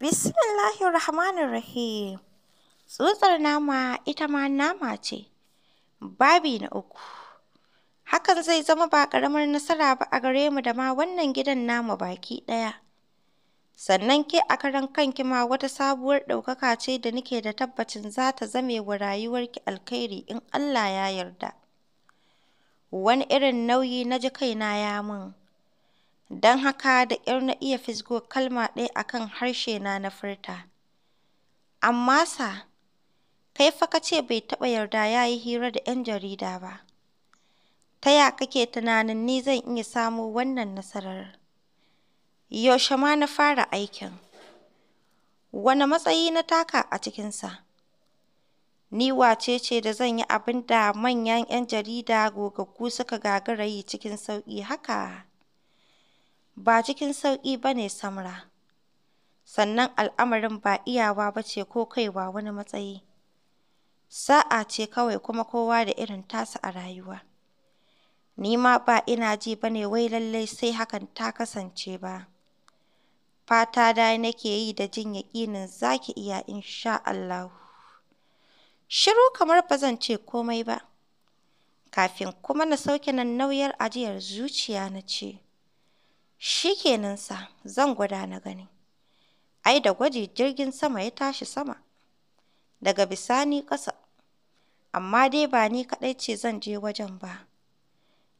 Bismillahirrahmanirrahim. Tsutsar nama ita ma nama ce. Babi na uku. Hakan zai zama ba ƙaramar nasara ba a gare mu da ma wannan gidan nama baki ɗaya. Sannan ke a karan kanki ma wata sabuwar ɗaukaka ce da nike da tabbacin za ta zame wa rayuwarki alkhairi in Allah ya yarda. Wani irin nauyi na ji kaina ya mun. Don haka da ƙyar na iya fisgo kalma ɗaya a kan harshena na furta. Amma sa, kai fa ka ce bai taɓa yarda ya yi hira da 'yan jarida ba. Ta ya kake tunanin ni zan iya samo wannan nasarar? Yaushe ma na fara aikin? Wani matsayi na taka a cikinsa? Ni wace ce da zan yi abin da manyan 'yan jarida gogaggu suka gagara yi cikin sauƙi haka? Ba cikin sauƙi ba ne Samra, sannan al'amarin ba iyawa ba ce ko kaiwa wani matsayi. Sa'a ce kawai kuma kowa da irin tasa a rayuwa. Ni ma ba ina ji ba ne wai lallai sai hakan ta kasance ba. Fata da nake yi da jin yaƙinin za ki iya insha Allahu. Shiru kamar ba zan ce komai ba. Kafin kuma na sauke nan nauyar ajiyar zuciya na ce, Shi kenan sa, zan gwada na gani. Ai da gwaji jirgin sama ya tashi sama, daga bisani ƙasa. Amma dai ba ni kaɗai ce zan je wajen ba.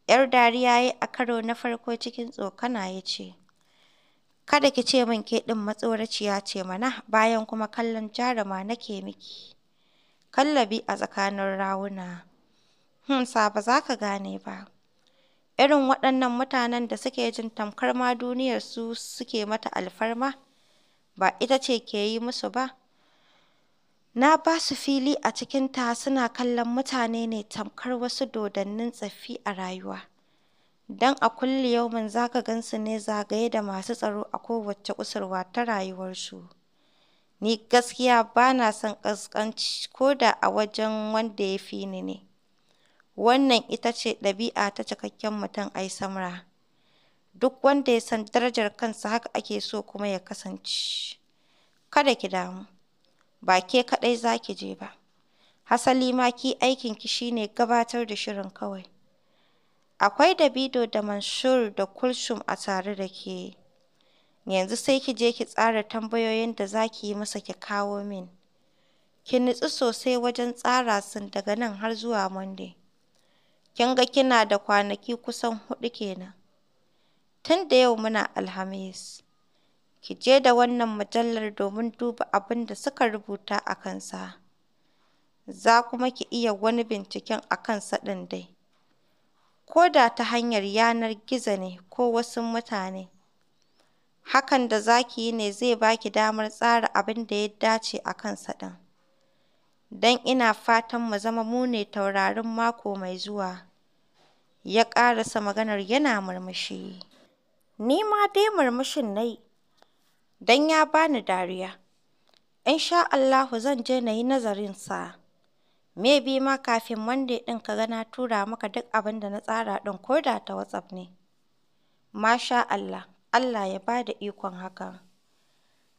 ‘Yar dariya ya yi a karo na farko cikin tsokana ya ce, Kada ki ce min ke ɗin matsoraciya ce mana bayan kuma kallon jaruma nake miki. Kallabi a tsakanin rawuna. Hmm, sa ba za ka gane ba. Irin waɗannan mutanen da suke jin tamkar ma duniyar su suke mata alfarma, ba ita ce ke yi musu ba. Na ba su fili a cikin ta suna kallon mutane ne tamkar wasu dodannin tsaffi a rayuwa. Don a kulli yaumin za ka gan su ne zagaye da masu tsaro a kowace kusurwa ta rayuwarsu. Ni gaskiya ba na son ƙasƙanci ko da a wajen wanda ya fi ni ne. Wannan ita ce ɗabi'a ta cikakken mutum ai samra. Duk wanda ya san darajar kansa haka ake so kuma ya kasance. Kada ki damu, ba ke kaɗai za ki je ba. Hasali ma ki aikin ki shine gabatar da shirin kawai. Akwai Davido da manshur da Kulshum a tare da ke. Yanzu sai ki je ki tsara tambayoyin da za ki yi masa ki kawo min. Ki nutsu sosai wajen tsara sun daga nan har zuwa Monday. Kin ga kina da kwanaki kusan huɗu kenan, tun da yau muna Alhamis. Ki je da wannan mujallar domin duba abin da suka rubuta a kansa, za kuma ki iya wani binciken a kansa ɗin dai, ko da ta hanyar yanar gizo ne ko wasu mutane. Hakan da za ki yi ne zai baki damar tsara abin da ya dace a kansa ɗin. don ina fatan mu zama mu ne taurarin mako mai zuwa,” ya ƙarasa maganar yana murmushi. Ni ma dai murmushin na yi, don ya bani dariya. In sha Allahu zan je na yi nazarinsa. Maybe ma kafin Monday ɗin ka gana tura maka duk abin da na tsara ɗin ko da ta WhatsApp ne. Masha Allah, Allah ya bada ikon hakan.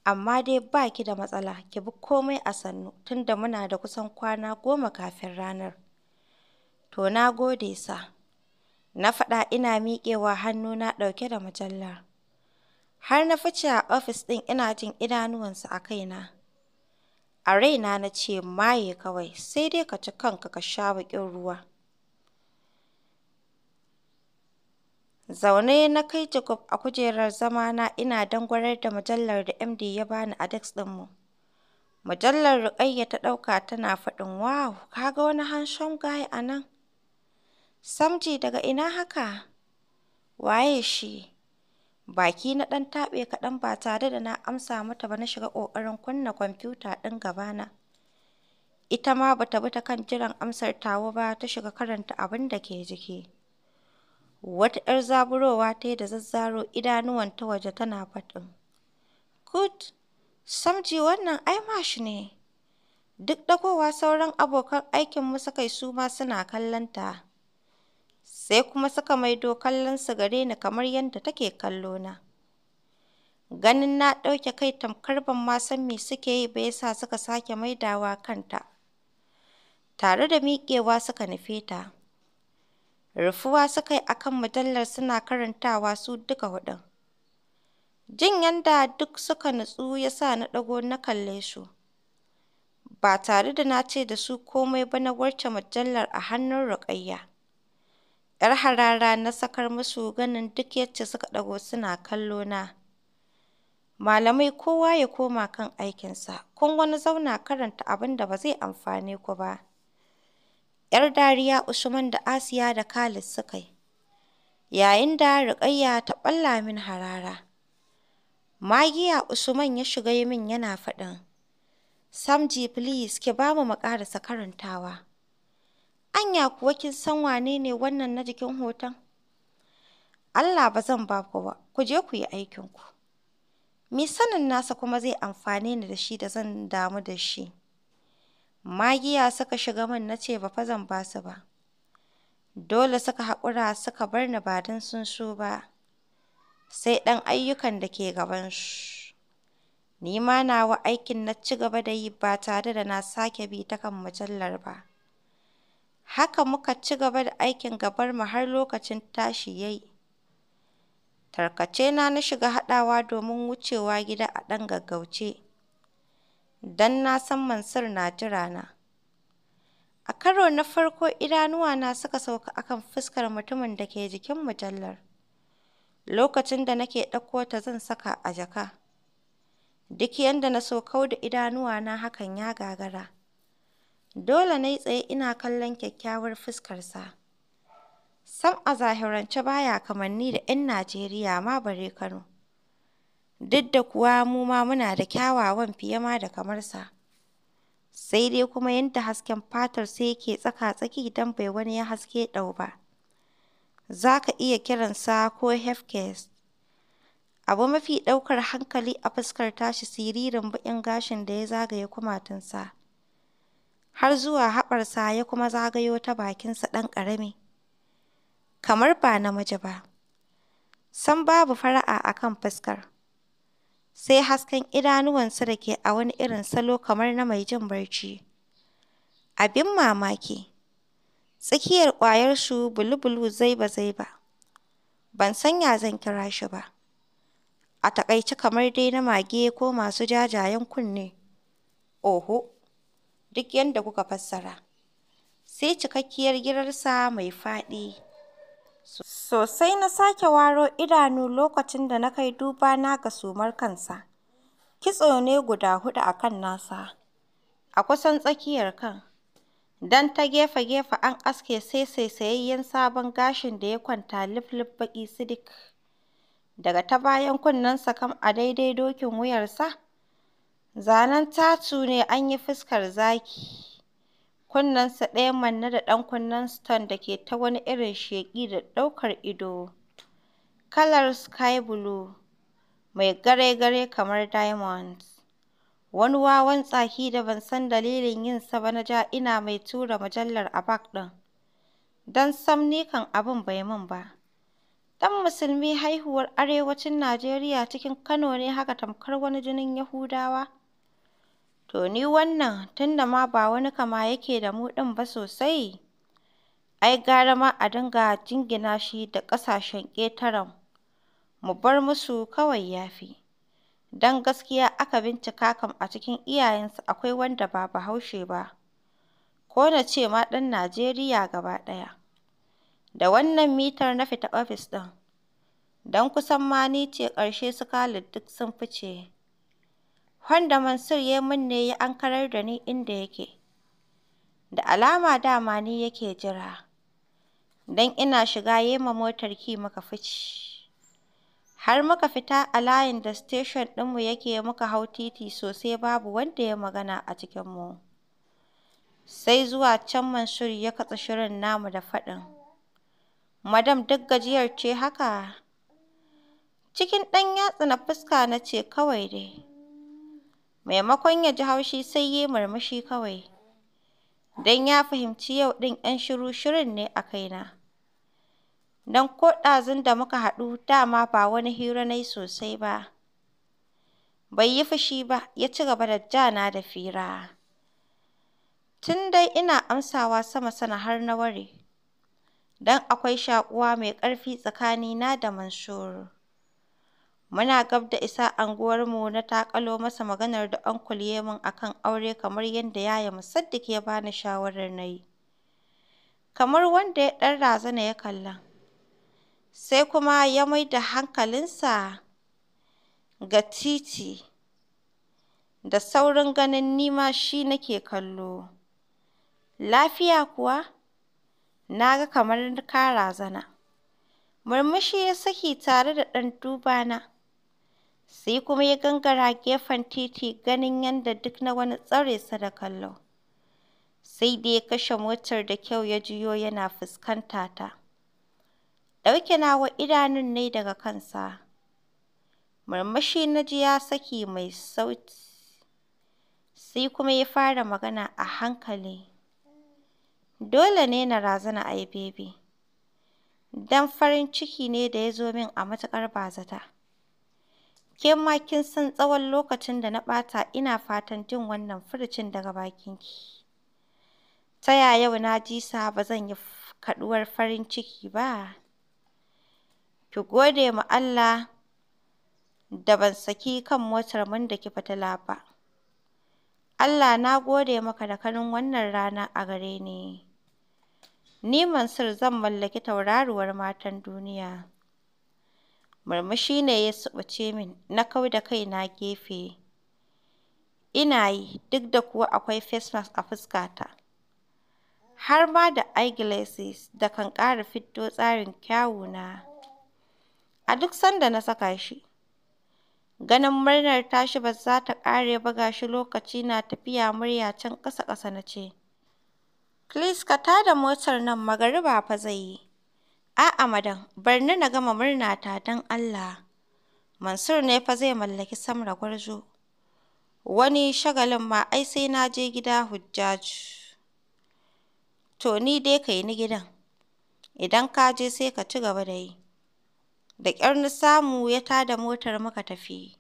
Amma dai ba ki da matsala, ki bi komai a sannu tunda muna da kusan kwana goma kafin ranar. To na gode sa. na faɗa ina miƙewa hannu na ɗauke da mujallar. Har na fice a ofis ɗin ina jin idanuwansa a kaina. A raina na ce maye kawai, sai dai ka ci kanka ka sha baƙin ruwa. Zaune na kai jagub a kujerar zamana ina dangwarar da mujallar da MD ya bani a desk mu. Mujallar Ruƙayya ta ɗauka tana faɗin wow! kaga wani handsome guy a nan? Samji daga ina haka? Waye shi? Baki na ɗan taɓe kaɗan ba tare da na amsa mata ba na shiga ƙoƙarin kunna kwamfuta ɗin gabana. Ita ma bata bi ta kan jiran amsar tawo ba ta shiga karanta abin da ke jiki. Wata 'yar zaburowa ta yi da zazzaro idanuwanta waje tana faɗin, “Kut! samji wannan ai mashi ne." Duk ɗagowa sauran abokan aikinmu suka yi su ma suna kallonta. Sai kuma suka maido kallonsu gare ni kamar yadda take kallo na. Ganin na ɗauke kai tamkar ban ma san me suke yi ba ya sa suka sake maidawa kanta. Tare da miƙewa suka nufe ta. Rufuwa suka yi a kan mujallar suna karantawa su duka huɗun. Jin yadda duk suka nutsu ya sa na ɗago na kalle su. Ba tare da na ce da su komai ba na warce mujallar a hannun Ruƙayya. ‘Yar harara na sakar musu ganin duk yacce suka ɗago suna kallo na. Malamai kowa ya koma kan aikinsa, kun wani zauna karanta abin da ba zai amfane ku ba. 'Yar dariya Usman da Asiya da Khalid suka yi, yayin da rukayya ta ɓalla min harara. Magiya Usman ya shiga yi min yana faɗin, Samji please ki ba mu ƙarasa karantawa. Anya kuwa kin san wane ne wannan na jikin hoton? Allah ba zan ba ku ba, ku je ku yi aikinku. Me sanin nasa kuma zai amfane ni da shi da zan damu da shi? Magiya suka shiga min na ce ba fa zan ba su ba. Dole suka haƙura suka bar ni ba don sun so ba, sai ɗan ayyukan da ke gaban shi Ni ma nawa aikin na ci gaba da yi ba tare da na sake bi ta kan mujallar ba. Haka muka ci gaba da aikin gabar mu har lokacin tashi yayi Tarkace na na shiga haɗawa domin wucewa gida a ɗan gaggauce. don na san Mansur na jira na. A karo na farko idanuwa na suka sauka akan fuskar mutumin da ke jikin mujallar. Lokacin da nake ɗauko ta zan saka a jaka. Duk yanda na so kau da na hakan ya gagara. Dole na yi tsaye ina kallon kyakkyawar fuskarsa. Sam a zahirance baya kamanni da 'yan Najeriya ma bare Kano. duk da kuwa mu ma muna da kyawawan fiye ma da kamar sa, sai dai kuma yadda hasken fatar sai yake tsaka-tsaki don bai wani ya haske ɗau ba, za ka iya kiransa ko hefkes. Abu mafi ɗaukar hankali a fuskar tashi siririn baƙin gashin da ya zagaye kumatunsa, har zuwa haɓarsa ya kuma zagayo ta bakinsa ɗan ƙarami, kamar ba namiji ba. San babu fara'a a kan fuskar. sai hasken idanuwansa da ke a wani irin salo kamar na mai jin barci. Abin mamaki! Tsakiyar ƙwayar shu bulu-bulu zaiba ba. Ban sanya zan kira shi ba. A taƙaice kamar dai na mage ko masu jajayen kunne. Oho! Duk yadda kuka fassara. Sai cikakkiyar girarsa mai faɗi. Sosai na sake waro idanu lokacin da na kai duba na ga sumar kansa, kitso ne guda huɗu a kan nasa, a kusan tsakiyar kan, don ta gefe-gefe an aske sai sayayyen sabon gashin da ya kwanta lif-lif baƙi sidik, daga ta bayan kunnensa kam a daidai dokin wuyarsa, zanen tatu ne an yi fuskar zaki. kunnensa ɗaya manne da ɗan kunnen Stone da ke ta wani irin sheƙi da ɗaukar ido, kalar sky blue mai gare-gare kamar diamonds, wani wawan tsaki da ban san dalilin yinsa ba na ja ina mai tura mujallar a bak ɗin, don sam ni kam abin bai min ba. Ɗan Musulmi haihuwar Arewacin Najeriya cikin Kano ne haka tamkar wani jinin Yahudawa. To ni wannan, tun da ma ba wani kama yake da mu ɗin ba sosai, ai gara ma a dinga jingina shi da ƙasashen ƙetaren, mu bar musu kawai ya fi. Don gaskiya aka bincika kam a cikin iyayensu akwai wanda ba Bahaushe ba, ko na ce ma ɗan Najeriya gaba ɗaya. Da wannan mitar na fita ofis ɗin, don kusan ma ni ce ƙarshe su Khalid duk sun fice. wanda Mansur ya ne ya ankarar da ni inda yake. Da alama dama ni yake jira, don ina shiga ya ma motar ki muka fice. Har muka fita a layin da station ɗinmu yake muka hau titi sosai babu wanda ya magana a cikinmu. Sai zuwa can Mansur ya katse shirin namu da faɗin, Madam duk gajiyar ce haka? Cikin ɗan yatsa na fuska na ce kawai dai. Maimakon ya ji haushi sai ya yi murmushi kawai, don ya fahimci yau ɗin 'yan shiru-shirun ne a kaina, don ko ɗazun da muka haɗu dama ba wani hira na sosai ba. Bai yi fushi ba, ya ci gaba da jana da fira. Tun dai ina amsawa sama sana har na ware, don akwai shaƙuwa mai ƙarfi tsakanina da Mansur. Muna gab da isa unguwarmu na taƙalo masa maganar da Uncle ya yi min a aure kamar yadda Yaya Musaddik ya ba ni shawarar na yi. Kamar wanda ya ɗan razana ya kalla. Sai kuma ya mai da hankalinsa ga titi da saurin ganin nima shi nake kallo. Lafiya kuwa? Na ga kamar ka razana. Murmushi ya saki tare da ɗan duba na. sai kuma ya gangara gefen titi ganin yadda duk na wani tsare su da kallo. Sai da ya kashe motar da kyau ya juyo yana fuskanta ta. Ɗauke nawa idanun ne daga kansa. Murmushi na ji ya saki mai sauti. Sai kuma ya fara magana a hankali. Dole ne na razana ai bebe Dan farin ciki ne da ya zo min a matuƙar bazata. Ke ma kin san tsawon lokacin da na ɓata ina fatan jin wannan furucin daga bakin ki. Ta ya yau na ji sa ba zan yi kaɗuwar farin ciki ba? Ki gode ma Allah da ban saki kan motar mun da ki fitila ba. Allah na gode maka da kanin wannan rana a gare ni. Ni Mansur zan mallaki tauraruwar matan duniya. Murmushi ne ya suɓuce min, na kau kai kaina gefe. Ina yi, duk da kuwa akwai face mask a fuskata, har ma da eyeglasses da kan ƙara fito tsarin kyawuna a duk sanda na saka shi. Ganin murnar tashi ba za ta ƙare ba ga shi lokaci na tafiya murya can ƙasa-ƙasa na ce, Please ka tada motar nan magariba fa zai yi. A'a madam, bar ni na gama murna ta don Allah. Mansur ne fa zai mallaki Samra Gwarzo. Wani shagalin ma ai sai na je gida Hujjaju. To ni dai ka yi ni gidan. Idan ka je sai ka ci gaba da yi. Da ƙyar na samu ya tada motar muka tafi.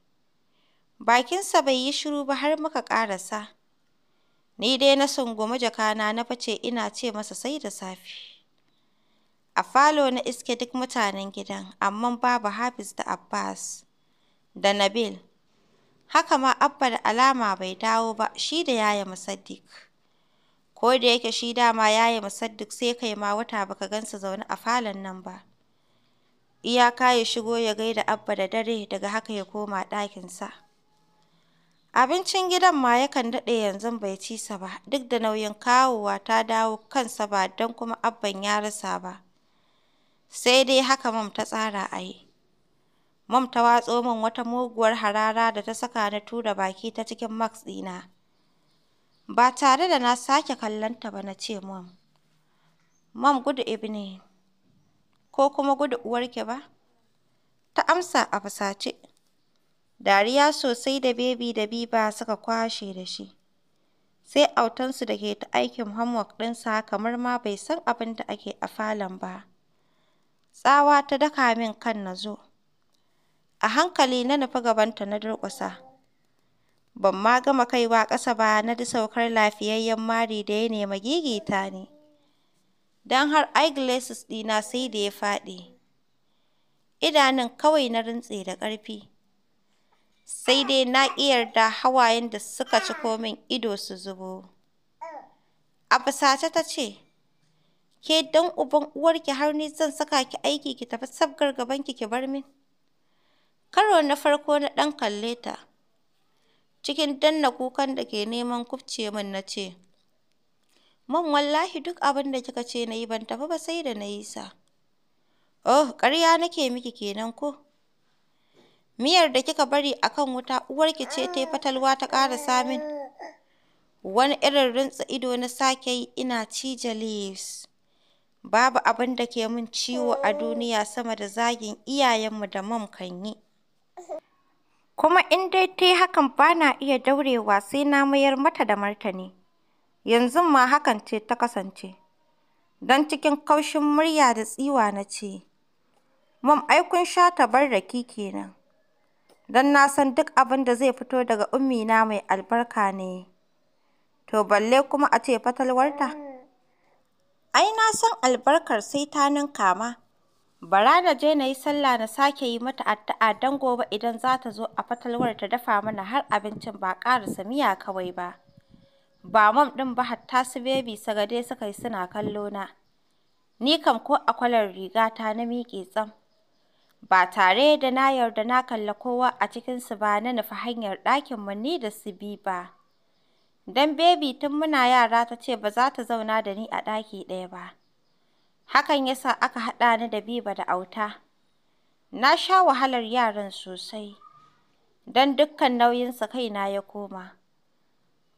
Bakinsa bai yi shiru ba har muka ƙarasa. Ni dai na sungumi jakana na fice ina ce masa sai da safe. A falo na iske duk mutanen gidan, amma babu Hafiz da Abbas da Nabil. Haka ma Abba da alama bai dawo ba, shi da Yaya Musaddik. Ko da yake shi dama Yaya Musaddik sai kai ma wata baka gansa zaune a falon nan ba. Iyaka ya shigo ya gaida Abba da dare daga haka ya koma ɗakinsa. Abincin gidan ma yakan daɗe yanzu bai cisa ba, duk da nauyin kawowa ta dawo kansa ba don kuma Abban ya rasa ba. sai dai haka mam ta tsara a yi. Mom ta watso min wata muguwar harara da ta saka ni tura baki ta cikin max ɗina. Ba tare da na sake kallonta ba na ce Mom, mam gudu Ibni, ko kuma gudu uwarki ba? Ta amsa a fasace. Dariya sosai da bebi da biba suka kwashe da shi. Sai autansu da ke ta aikin homework ɗinsa kamar ma bai san abin da ake a falon ba. Tsawa ta daka min kan na zo. A hankali na nufi gabanta na durƙusa. Ban ma gama kaiwa ƙasa ba na ji saukar lafiyayyen mari da ya nemi gigita ne. Don har eyeglasses ɗina sai da ya faɗi. Idanun kawai na rintse da ƙarfi. Sai dai na ƙi yarda hawayen da suka ciko min ido su zubo. A fusace ta ce, Ke dan uban uwarki har ni zan saka ki aiki ki tafi sabgar gabanki ki bar min. Karo na farko na dan kalleta. Cikin danna kukan da ke neman kufce min na ce, Man wallahi duk abin da kika ce na yi ban tafi ba sai da na yi sa. Oh, ƙarya nake miki kenan ko? Miyar da kika bari a kan wuta uwarki ce ta yi fatalwa ta ƙara min Wani irin rintsa ido na sake yi ina cije leaves. Babu abin da ke mun ciwo a duniya sama da zagin iyayenmu da mam kan yi. Kuma in dai ta yi hakan ba na iya daurewa sai na mayar mata da martani. Yanzu ma hakan ce ta kasance. Don cikin kaushin murya da tsiwa na ce, mam ai kun sha tabarraki kenan. Don na san duk abin da zai fito daga ummina mai albarka ne. To balle kuma a ce fatalwarta. Ai na san albarkar sai ta ninka ma. Bara na je na yi sallah na sake yi mata addu'a don gobe idan za ta zo a fatalwar ta dafa mana har abincin ba ƙarasa miya kawai ba. Ba mam ɗin ba hatta su bebi sagade suka yi suna kallo na. Ni kam ko a kwalar riga ta na miƙe tsam. Ba tare da na yarda na kalla kowa a cikinsu ba na nufi hanyar ɗakinmu ni da su bi ba. Don bebi tun muna yara ta ce ba za ta zauna da ni a ɗaki ɗaya ba, hakan ya sa aka haɗa ni da biba da Auta. Na sha wahalar yaran sosai, don dukkan nauyinsa kaina ya koma.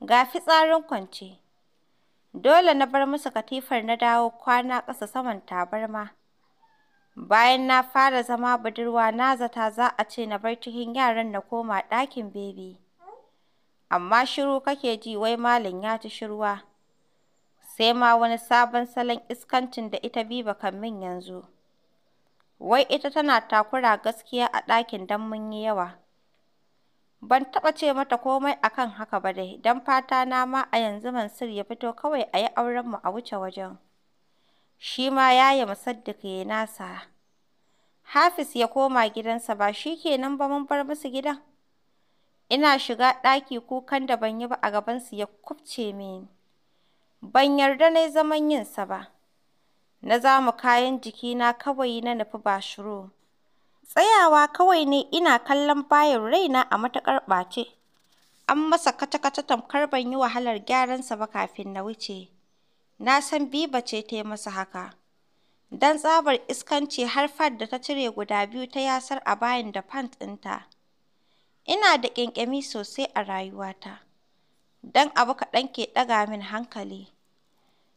Ga tsarin kwance, dole na bar musu katifar na dawo kwana ƙasa saman tabarma. Bayan na fara zama budurwa na zata za a ce na bar cikin yaran na koma ɗakin bebi. amma shiru kake ji wai malam ya ci shirwa. Sai ma wani sabon salon iskancin da ita Biba kan min yanzu. Wai ita tana takura gaskiya a ɗakin don mun yi yawa. Ban taɓa ce mata komai akan haka ba dai, don fata na ma a yanzu Mansur ya fito kawai a yi aurenmu a wuce wajen. Shi ma ya yi musaddik ya nasa. Hafiz ya koma gidansa ba shi kenan ba mun bar musu gidan. Ina shiga ɗaki kukan da ban yi ba a gabansu ya kubce mini. Ban yarda na yi zaman yinsa ba. Na zamu kayan jikina kawai na nufi shiru Tsayawa kawai ne ina kallon bayin raina a matuƙar ɓace. An masa kaca-kaca tamkar ban yi wahalar sa ba kafin na wuce. Na san Biba ce ta yi masa haka. Don tsabar iskanci har fat da ta cire guda biyu ta yasar a bayan da pant ɗinta. Ina da ƙyanƙyami sosai a rayuwata, don abu kaɗan ke ɗaga min hankali,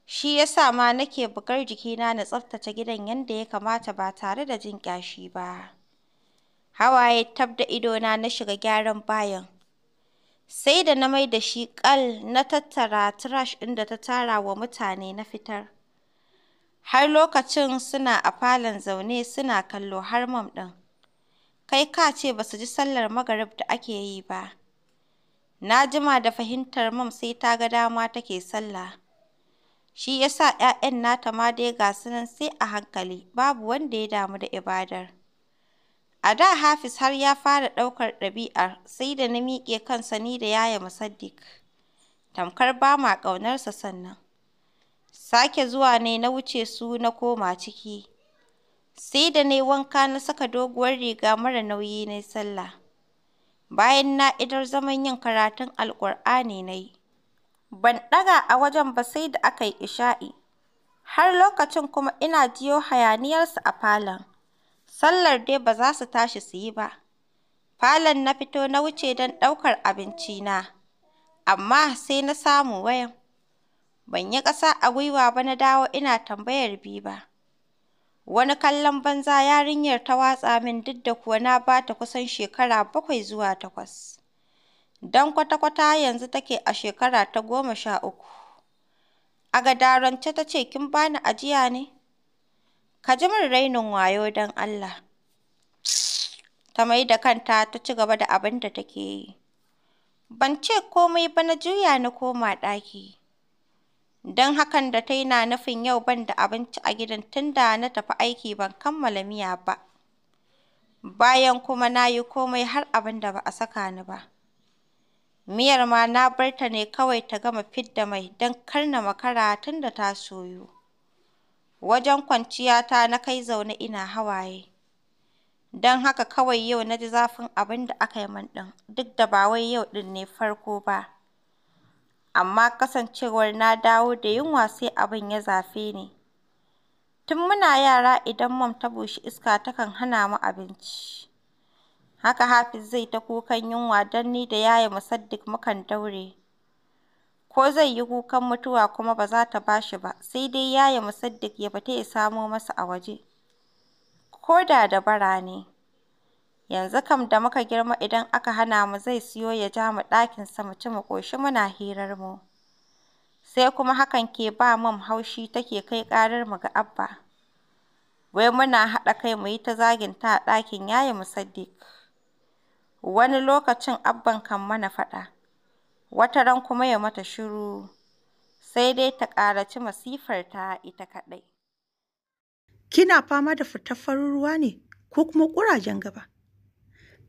shi ya sa ma nake bugar jikina na tsaftace gidan yadda ya kamata ba tare da jin ƙyashi ba. Hawaye tab da idona na shiga gyaran bayan. sai da na mai da shi ƙal na tattara trash ɗin da ta tara wa mutane na fitar. Har lokacin suna a falon zaune suna kallo har mom ɗin. Kai ka ce ba su ji sallar magarib da ake yi ba. Na jima da fahimtar mam sai ta ga dama take sallah. Shi ya sa ‘ya'yan nata ma dai ga su sai a hankali, babu wanda ya damu da ibadar. A da Hafiz har ya fara ɗaukar ɗabi'ar sai da na miƙe kansa ni da yaya Musaddik. Tamkar ba ma ƙaunarsa sannan. Sake zuwa ne na wuce su na koma ciki. Sai da ne wanka na saka doguwar riga mara nauyi na sallah. Bayan na idar zaman yin karatun Alkur'ani yi. Ban ɗaga a wajen ba sai da aka yi isha'i. Har lokacin kuma ina jiyo hayaniyarsu a falon. Sallar dai ba za su tashi su yi ba. Falon na fito na wuce don ɗaukar abinci na. Amma sai na samu wayan. Ban yi ƙasa a gwiwa ba na dawo ina tambayar biyu ba. Wani kallon banza yarinyar ta watsa min duk da kuwa na ba ta kusan shekara bakwai zuwa takwas, don kwata-kwata yanzu take a shekara ta goma sha uku. A gadarance ta ce, kin bani ajiya ne? Ka ji min rainin wayo don Allah. Ta mai da kanta ta ci gaba da abin da take yi. Ban ce komai ba na juya na koma ɗaki. don hakan da ta yi na nufin yau ban da abinci a gidan tun da na tafi aiki ban kammala miya ba. Bayan kuma na yi komai har abin da ba a saka ni ba. Miyar ma na bar ta ne kawai ta gama fidda mai don kar makara tun da ta soyu. Wajen kwanciyata na kai zaune ina hawaye. Don haka kawai yau na ji zafin abin da aka yi min ɗin, duk da ba wai yau ɗin ne farko ba. amma kasancewar na dawo da yunwa sai abin ya zafe ni. Tun muna yara idan mam ta bushe iska takan hana mu abinci. Haka Hafiz zai ta kukan yunwa don ni da Yaya Musaddik mukan daure. Ko zai yi kukan mutuwa kuma ba za ta ba ba, sai dai Yaya Musaddik ya fita ya samo masa a waje. Ko da dabara ne. Yanzu kam da muka girma idan aka hana mu zai siyo ya ja mu ɗakinsa mu ci mu ƙoshi muna hirar mu Sai kuma hakan ke ba mam haushi take kai ƙararmu ga Abba. Wai muna haɗa kai mu yi ta zaginta a ɗakin Yaya saddik Wani lokacin Abban kan mana faɗa, wata ran kuma ya mata shiru, sai dai ta ƙaraci masifar ta ita kaɗai. Kina fama da fitaffar ruwa ne ko kuma ƙurajen gaba?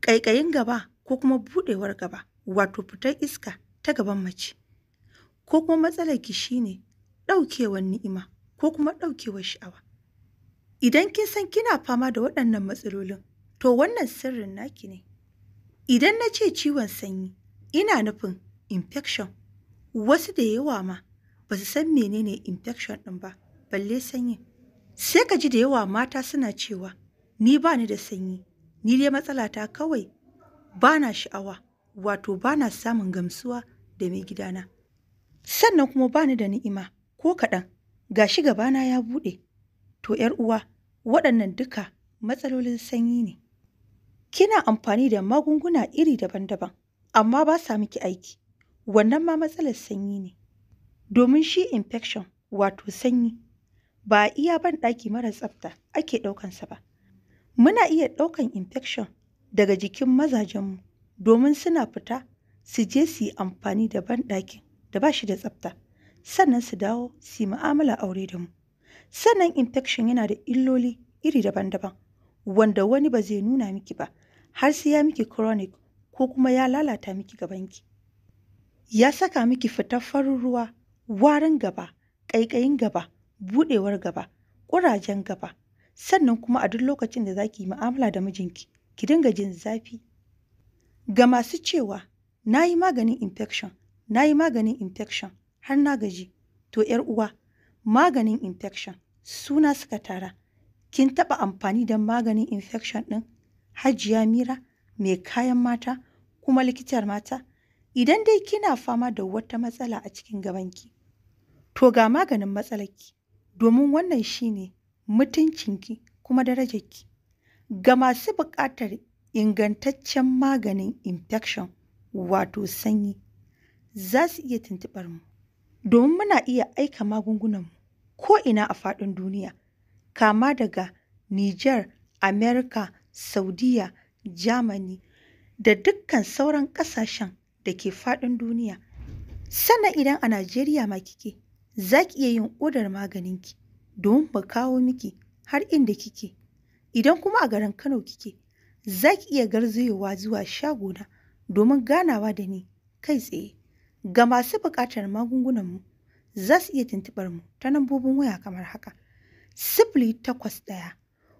ƙaiƙayin gaba ko kuma buɗewar gaba wato fitar iska ta gaban mace ko kuma matsalar ki shine ɗaukewar ni'ima ko kuma ɗaukewar sha'awa idan kin san kina fama da waɗannan matsalolin to wannan sirrin naki ne idan na ce ciwon sanyi ina nufin infection wasu da yawa ma ba su san menene infection ɗin ba balle sanyi sai ka ji da yawa mata suna cewa ni ba ni da sanyi Ni dai matsalata kawai ba na sha'awa, wato ba na samun gamsuwa da mai gidana. Sannan kuma ba ni da ni'ima ko kaɗan, ga shi gabana ya buɗe. To ‘yar uwa, waɗannan duka matsalolin sanyi ne. Kina amfani da magunguna iri daban-daban, amma ba sa miki aiki. Wannan ma matsalar sanyi ne. Domin shi infection, wato sanyi, ba iya ban banɗaki mara tsafta ake ɗaukansa ba. Muna iya ɗaukan infection daga jikin mazajenmu domin suna fita su je su yi amfani da banɗakin da ba shi da tsafta, sannan su dawo su yi mu'amala aure da mu. Sannan infection yana da illoli iri daban-daban wanda wani ba zai nuna miki ba har sai ya miki chronic ko kuma ya lalata miki gaban ki. Ya saka miki fitar farin ruwa, warin gaba, ƙaiƙayin gaba, buɗewar gaba, ƙurajen gaba, sannan kuma a duk lokacin da za ki yi mu'amala da mijinki ki dinga jin zafi ga masu cewa na yi maganin infection na yi maganin infection har na gaji to yar uwa maganin infection suna suka tara kin taɓa amfani da maganin infection ɗin hajiya mira mai kayan mata kuma likitar mata idan dai kina fama da wata matsala a cikin gabanki to ga maganin matsalarki domin wannan shine mutuncinki kuma darajarki. Ga masu buƙatar ingantaccen maganin infection wato sanyi, za su iya tuntuɓar mu. Domin muna iya aika magungunanmu ko'ina a faɗin duniya, kama daga Nijar, Amerika, Saudiya, Germany da dukkan sauran ƙasashen da ke faɗin duniya. Sannan idan a Najeriya ma kike, za ki iya yin odar maganinki domin mu kawo miki har inda kike. Idan kuma a garin Kano kike, za ki iya garzayowa zuwa shagona domin ganawa da ni kai tsaye. Ga masu buƙatar magungunanmu, za su iya tuntuɓar mu ta lambobin waya kamar haka. Sifili takwas ɗaya,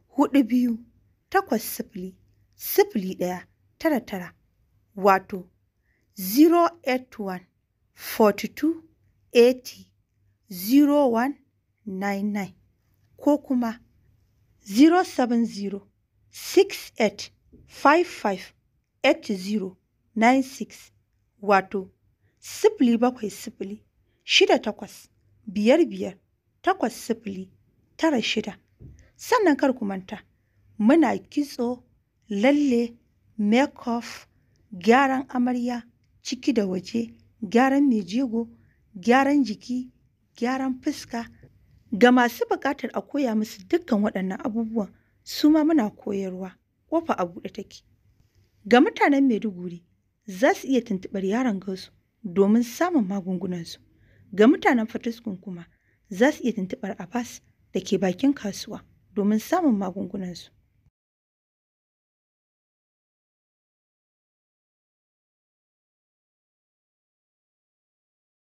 huɗu biyu, takwas sifili, sifili ɗaya, tara tara, wato 081 42 80 01 9999 ko kuma 070 68 55 8096 wato sifili bakwai sifili shida takwas biyar biyar takwas sifili tara shida sannan kar ku manta muna kitso lalle makeup gyaran amarya ciki da waje gyaran mai jego gyaran jiki gyaran fuska Ga masu buƙatar a koya musu dukkan waɗannan abubuwan su ma muna koyarwa, ƙofa a buɗe take. Ga mutanen Maiduguri za su iya tuntuɓar yaron gasu domin samun magungunansu. Ga mutanen Fataskun kuma za su iya tuntuɓar Abbas da ke bakin kasuwa domin samun magungunansu.